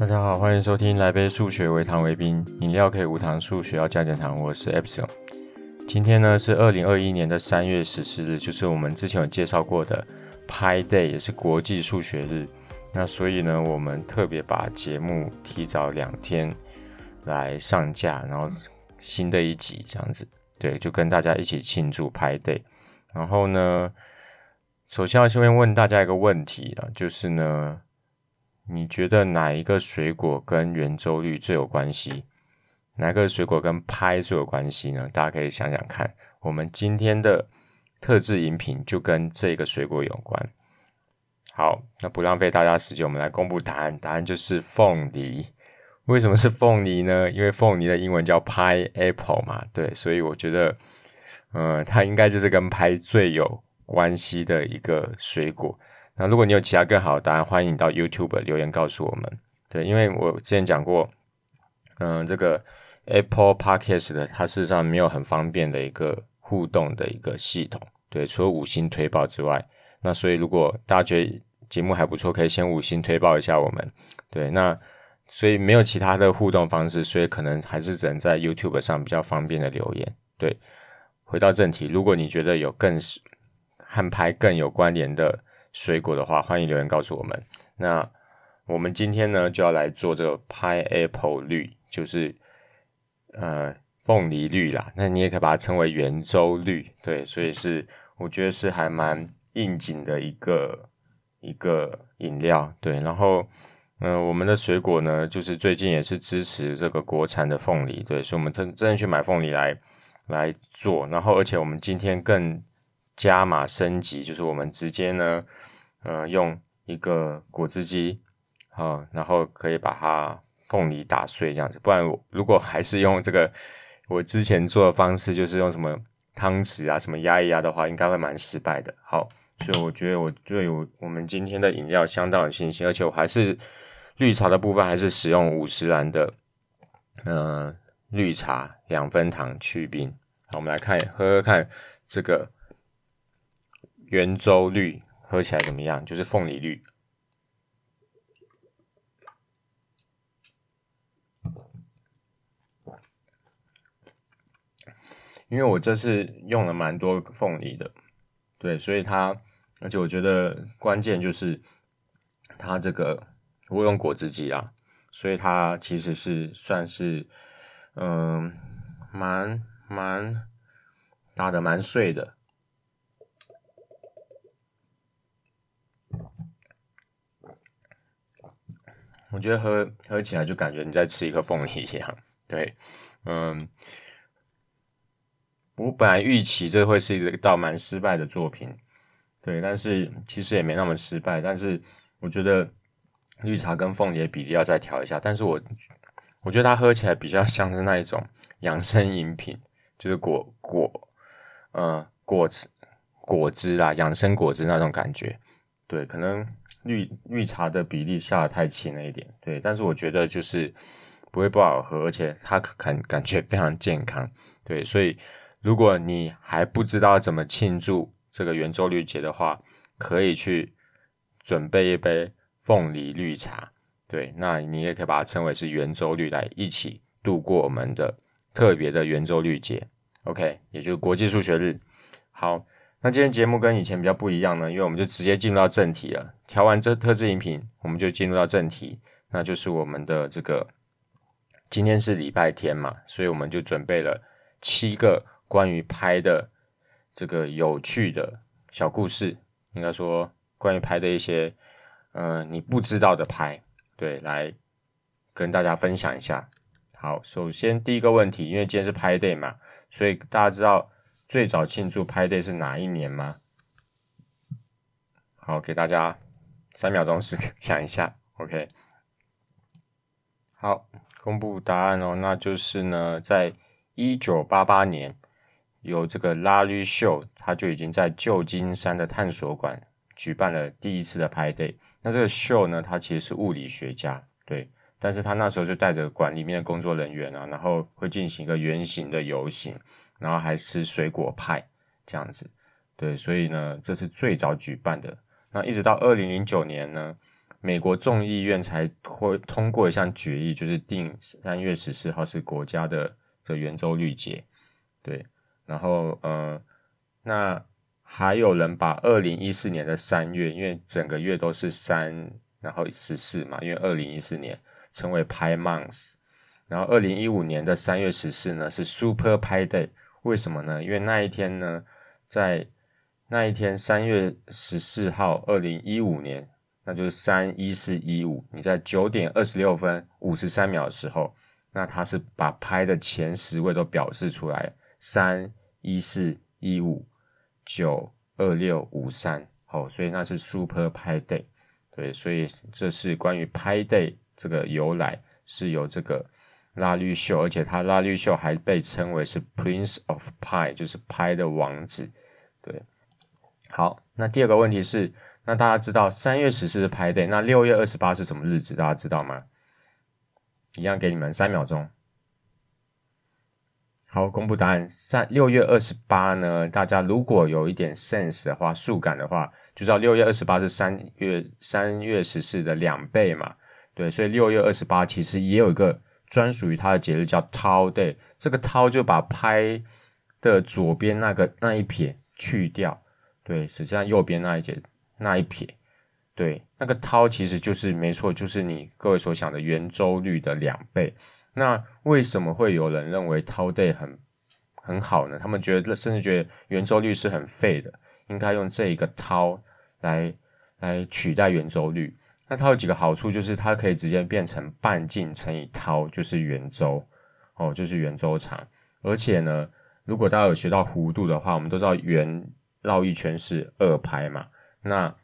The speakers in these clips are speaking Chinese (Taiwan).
大家好，歡迎收聽來杯數學微糖微冰，飲料可以無糖，數學要加點糖。我是 Epsilon。今天呢是二零二一年的三月十四日，就是我們之前有介紹過的 Pi Day，也是國際數學日。那所以呢，我們特別把節目提早兩天來上架，然後新的一集這樣子，對，就跟大家一起慶祝 Pi Day。然後呢，首先要先問大家一個問題啊，就是呢。你覺得哪一個水果跟圓周率最有關係？哪個水果跟 π 最有關係呢？大家可以想想看。我們今天的特制飲品就跟這個水果有關。好，那不浪費大家時間，我們來公布答案。答案就是鳳梨。為什麼是鳳梨呢？因為鳳梨的英文叫 pineapple 嘛，對，所以我覺得，嗯、呃，它應該就是跟 π 最有關係的一個水果。那如果你有其他更好的答案，歡迎你到 YouTube 留言告訴我們。對，因為我之前講過，嗯，這個 Apple Podcast 的，它事實上沒有很方便的一個互動的一個系統。對，除了五星推爆之外，那所以如果大家覺得節目還不錯，可以先五星推爆一下我們。對，那所以沒有其他的互動方式，所以可能還是只能在 YouTube 上比較方便的留言。對，回到正題，如果你覺得有更和 Pi 更有關聯的。水果的話，歡迎留言告訴我們。那我們今天呢，就要來做這個 pineapple 綠，就是呃鳳梨綠啦。那你也可以把它稱為圓周綠，對，所以是我覺得是還蠻應景的一個一個飲料。對，然後嗯、呃，我們的水果呢，就是最近也是支持這個國產的鳳梨，對，所以我們真真的去買鳳梨來來做。然後，而且我們今天更。加碼升級，就是我們直接呢，呃，用一個果汁機，啊，然後可以把它鳳梨打碎這樣子。不然我如果還是用這個我之前做的方式，就是用什麼湯匙啊，什麼壓一壓的話，應該會蠻失敗的。好，所以我覺得我對我我們今天的飲料相當有信心，而且我還是綠茶的部分還是使用五十嵐的，嗯、呃，綠茶兩分糖去冰。好，我們來看喝喝看這個。圓周綠喝起來怎麼樣？就是鳳梨綠，因為我這次用了蠻多鳳梨的，對，所以它，而且我覺得關鍵就是它這個我用果汁機啊，所以它其實是算是嗯，蠻蠻打得蠻碎的。我覺得喝喝起來就感覺你在吃一顆鳳梨一樣，對，嗯，我本來預期這會是一道蠻失敗的作品，對，但是其實也沒那麼失敗，但是我覺得綠茶跟鳳梨的比例要再調一下，但是我我覺得它喝起來比較像是那一種養生飲品，就是果果，嗯、呃，果汁果汁啦，養生果汁那種感覺，對，可能。綠綠茶的比例下得太輕了一點，對，但是我覺得就是不會不好喝，而且它感感覺非常健康，對，所以如果你還不知道怎麼慶祝這個圓周率節的話，可以去準備一杯鳳梨綠茶，對，那你也可以把它稱為是圓周綠來一起度過我們的特別的圓周率節，OK，也就是國際數學日，好。那今天節目跟以前比較不一樣呢，因為我們就直接進入到正題了。調完這特製飲品，我們就進入到正題，那就是我們的這個今天是禮拜天嘛，所以我們就準備了七個關於 Pi 的這個有趣的小故事，應該說關於 Pi 的一些呃你不知道的 Pi，對，來跟大家分享一下。好，首先第一個問題，因為今天是 Pi day 嘛，所以大家知道。最早慶祝 Pi Day 是哪一年嗎？好，給大家三秒鐘時間想一下，OK？好，公布答案哦，那就是呢，在一九八八年，有這個 Larry Shaw，他就已經在舊金山的探索館舉辦了第一次的 Pi Day。那這個秀呢，他其實是物理學家，對，但是他那時候就帶着館裡面的工作人員啊，然後會進行一個圓形的遊行。然後還吃水果派這樣子，對，所以呢，這是最早舉辦的。那一直到二零零九年呢，美國眾議院才會通過一項決議，就是定三月十四號是國家的這圓周率節，對。然後，嗯、呃，那還有人把二零一四年的三月，因為整個月都是三，然後十四嘛，因為二零一四年稱為 Pi Month。然後二零一五年的三月十四呢，是 Super Pi Day。為什麼呢？因為那一天呢，在那一天三月十四號，二零一五年，那就是三一四一五。你在九點二十六分五十三秒的時候，那它是把 Pi 的前十位都表示出來，三一四一五九二六五三。好，所以那是 Super Pi Day。對，所以這是關於 Pi Day 這個由來是由這個。拉綠秀，而且他拉綠秀還被稱為是 Prince of Pi，就是派的王子。對，好，那第二個問題是，那大家知道三月十四是 Pi Day，那六月二十八是什麼日子？大家知道嗎？一樣給你們三秒鐘。好，公布答案。三六月二十八呢，大家如果有一點 sense 的話，數感的話，就知道六月二十八是三月三月十四的兩倍嘛。對，所以六月二十八其實也有一個。專屬於它的節日叫 τ day。這個 τ 就把拍的左邊那個那一撇去掉，對，實際上右邊那一節那一撇，對，那個 τ 其實就是沒錯，就是你各位所想的圓周率的兩倍。那為什麼會有人認為 τ day 很很好呢？他們覺得甚至覺得圓周率是很廢的，應該用這一個 τ 來來取代圓周率。那它有幾個好處，就是它可以直接變成半徑乘以濤，就是圓周，哦，就是圓周長。而且呢，如果大家有學到弧度的話，我們都知道圓繞一圈是二派嘛。那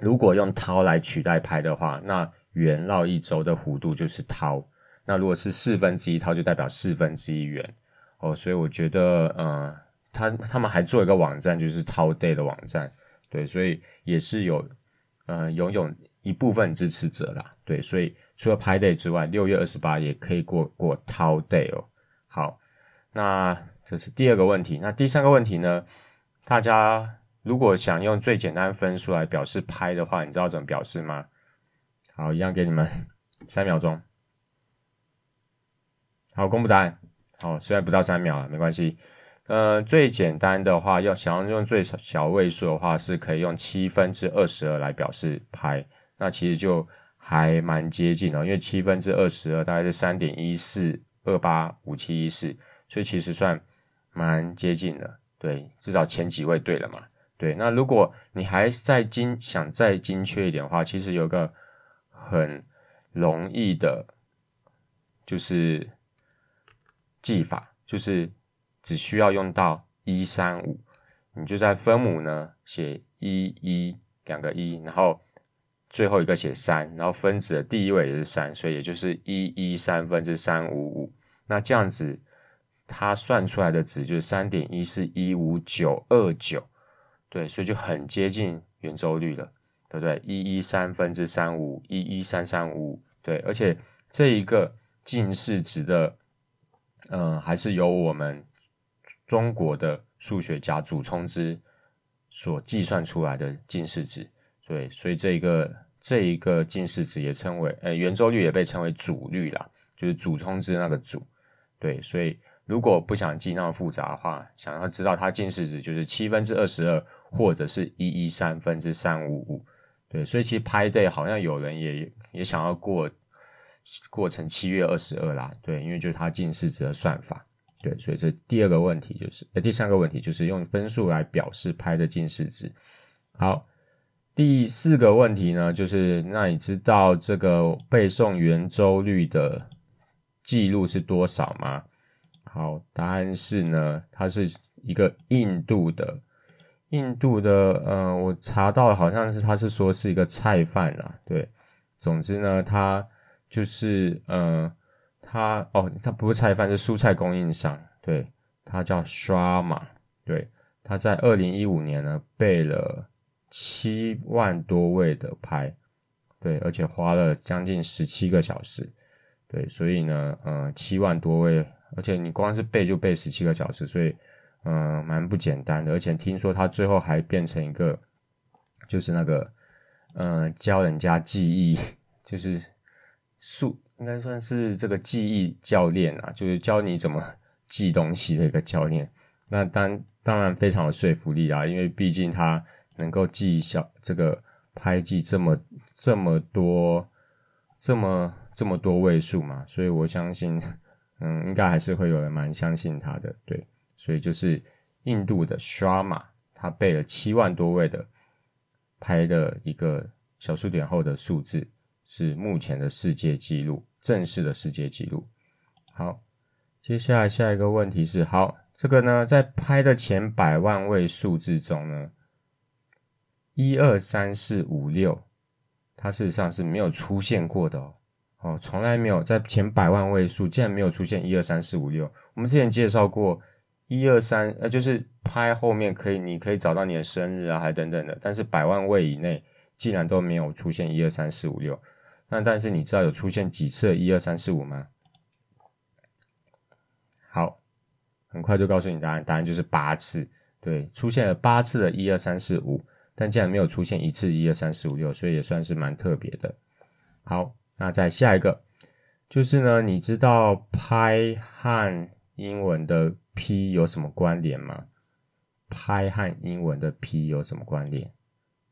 如果用濤來取代派的話，那圓繞一周的弧度就是濤。那如果是四分之一濤，就代表四分之一圓。哦，所以我覺得，嗯、呃，他他們還做一個網站，就是濤 day 的網站，對，所以也是有。呃，擁有、嗯、一部分支持者啦，對，所以除了 Pi Day 之外，六月二十八也可以過過 Tau Day 哦。好，那這是第二個問題，那第三個問題呢？大家如果想用最簡單分數來表示 Pi 的話，你知道怎麼表示嗎？好，一樣給你們三秒鐘。好，公布答案。好、哦，雖然不到三秒啊，沒關係。呃，最簡單的話，要想用最小位數的話，是可以用七分之二十二來表示派，那其實就還蠻接近哦，因為七分之二十二大概是三點一四二八五七一四，所以其實算蠻接近的。對，至少前幾位對了嘛。對，那如果你還在精想再精確一點的話，其實有個很容易的，就是記法，就是。只需要用到一三五，你就在分母呢寫一一兩個一，1 1 1，然後最後一個寫三，然後分子的第一位也是三，所以也就是一一三分之三五五，那這樣子它算出來的值就是三點一四一五九二九，對，所以就很接近圓周率了，對不對？一一三分之三五一一三三五，對，而且這一個近似值的，嗯、呃，還是由我們。中國的數學家祖沖之所計算出來的近似值，對，所以這一個這一個近似值也稱為呃圓周率也被稱為祖率啦，就是祖沖之那個祖，對，所以如果不想記那麼複雜的話，想要知道它近似值就是七分之二十二或者是一一三分之三五五，對，所以其實 Pi day 好像有人也也想要過過成七月二十二啦，對，因為就是它近似值的算法。對，所以這第二個問題就是，呃，第三個問題就是用分數來表示 pi 的近似值。好，第四個問題呢，就是那你知道這個背誦圓周率的記錄是多少嗎？好，答案是呢，它是一個印度的，印度的，呃，我查到好像是它是說是一個菜販啊，對，總之呢，它就是，呃。他哦，他不是菜販，是蔬菜供應商。對，他叫 Sharma。對，他在二零一五年呢背了七萬多位的 Pi。對，而且花了將近十七個小時。對，所以呢，嗯、呃，七萬多位，而且你光是背就背十七個小時，所以嗯、呃，蠻不簡單的。而且聽說他最後還變成一個，就是那個，嗯、呃，教人家記憶，就是數素應該算是這個記憶教練啊，就是教你怎麼記東西的一個教練。那當然當然非常有說服力啦，啊，因為畢竟他能夠記小這個拍記這麼這麼多這麼這麼多位數嘛，所以我相信，嗯，應該還是會有人蠻相信他的。對，所以就是印度的 Sharma，他背了七萬多位的拍的一個小數點後的數字，是目前的世界紀錄。正式的世界紀錄。好，接下來下一個問題是，好，這個呢，在 Pi 的前百萬位數字中呢，一二三四五六，它事實上是沒有出現過的哦，哦，從來沒有在前百萬位數，竟然沒有出現一二三四五六。我們之前介紹過一二三，呃，就是 Pi 後面可以，你可以找到你的生日啊，還等等的，但是百萬位以內，竟然都沒有出現一二三四五六。那但是你知道有出現幾次一二三四五嗎？好，很快就告訴你答案，答案就是八次。對，出現了八次的一二三四五，但竟然沒有出現一次一二三四五六，所以也算是蠻特別的。好，那再下一個就是呢，你知道 Pi 和英文的 P 有什麼關聯嗎？Pi 和英文的 P 有什麼關聯？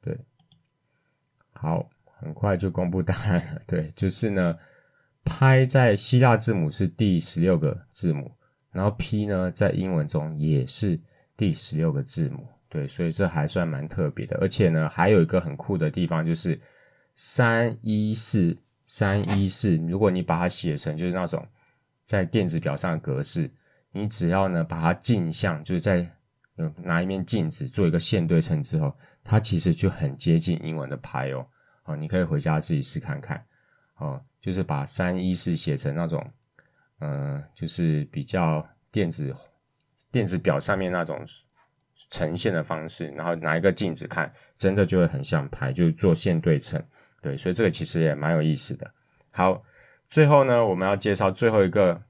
對，好。很快就公布答案了，對，就是呢，拍在希臘字母，是第十六個字母，然後 P 呢在英文中也是第十六個字母，對，所以這還算蠻特別的。而且呢，還有一個很酷的地方就是三一四三一四，如果你把它寫成就是那種在電子表上的格式，你只要呢把它鏡像，就是在、嗯、拿一面鏡子做一個線對稱之後，它其實就很接近英文的拍哦。啊、哦，你可以回家自己試看看，啊、哦，就是把三一四寫成那種，嗯、呃，就是比較電子電子錶上面那種呈現的方式，然後拿一個鏡子看，真的就會很像 Pi，就是做線對稱，對，所以這個其實也蠻有意思的。好，最後呢，我們要介紹最後一個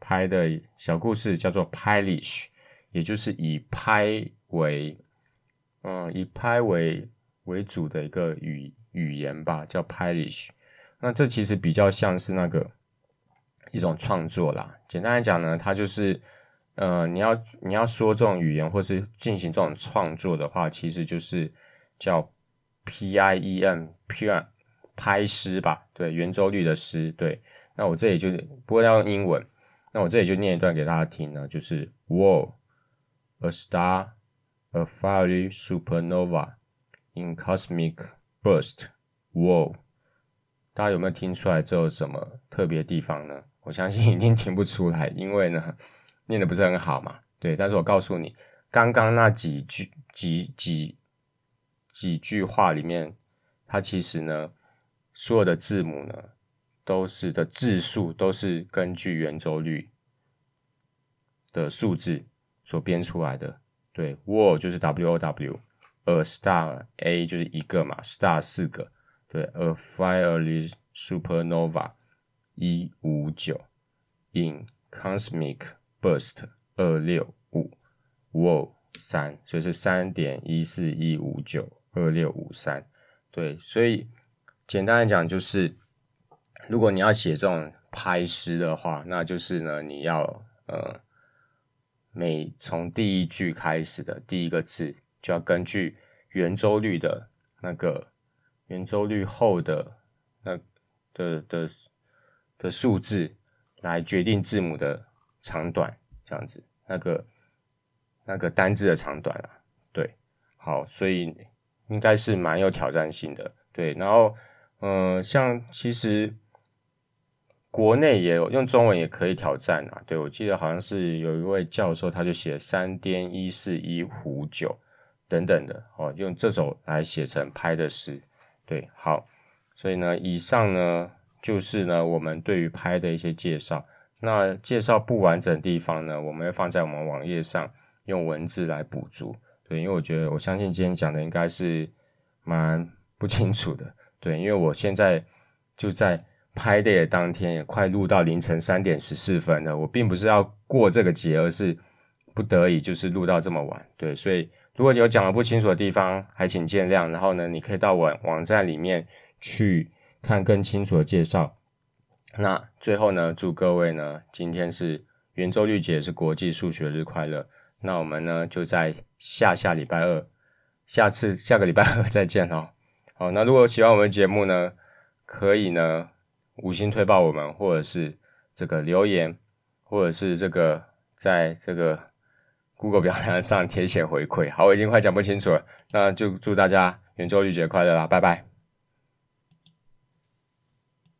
Pi 的小故事，叫做 Pi-lish，也就是以 Pi 為，嗯、呃，以 Pi 為為主的一個語。語言吧，叫 Pilish，那這其實比較像是那個一種創作啦。簡單來講呢，它就是，呃，你要你要說這種語言，或是進行這種創作的話，其實就是叫 P I E M P I 拍詩、e、吧？對，圓周率的詩。對，那我這裡就不過要用英文，那我這裡就念一段給大家聽呢，就是 Wow, a star, a fiery supernova in cosmic”。Burst, wow，大家有沒有聽出來這有什麼特別的地方呢？我相信一定聽不出來，因為呢，念的不是很好嘛。對，但是我告訴你，剛剛那幾句幾幾幾句話裡面，它其實呢，所有的字母呢，都是的字數都是根據圓周率的數字所編出來的。對，wow 就是 W O W。a star a 就是一個嘛，star 四個，對，a fiery supernova 一五九，in cosmic burst 二六五 wow 3，三，所以是三點一四一五九二六五三，對，所以簡單來講就是，如果你要寫這種拍詩的話，那就是呢，你要呃，每從第一句開始的第一個字。就要根據圓周率的那個圓周率後的那的的的數字來決定字母的長短，這樣子那個那個單字的長短啊，對，好，所以應該是蠻有挑戰性的，對，然後嗯、呃，像其實國內也有用中文也可以挑戰啊，對，我記得好像是有一位教授，他就寫三點一四一五九。等等的哦，用這首來寫成拍的詩，對，好，所以呢，以上呢就是呢我們對於拍的一些介紹。那介紹不完整的地方呢，我們要放在我們網頁上用文字來補足。對，因為我覺得我相信今天講的應該是蠻不清楚的。對，因為我現在就在拍的當天也快錄到凌晨三點十四分了。我並不是要過這個節，而是不得已就是錄到這麼晚。對，所以。如果有講的不清楚的地方，還請見諒。然後呢，你可以到我網站裡面去看更清楚的介紹。那最後呢，祝各位呢，今天是圓周率節，是國際數學日快樂。那我們呢，就在下下禮拜二，下次下個禮拜二再見哦。好，那如果喜歡我們的節目呢，可以呢五星推爆我們，或者是這個留言，或者是這個在這個。Google 表單上填寫回饋。好，我已經快講不清楚了，那就祝大家圓周率節快樂啦，拜拜。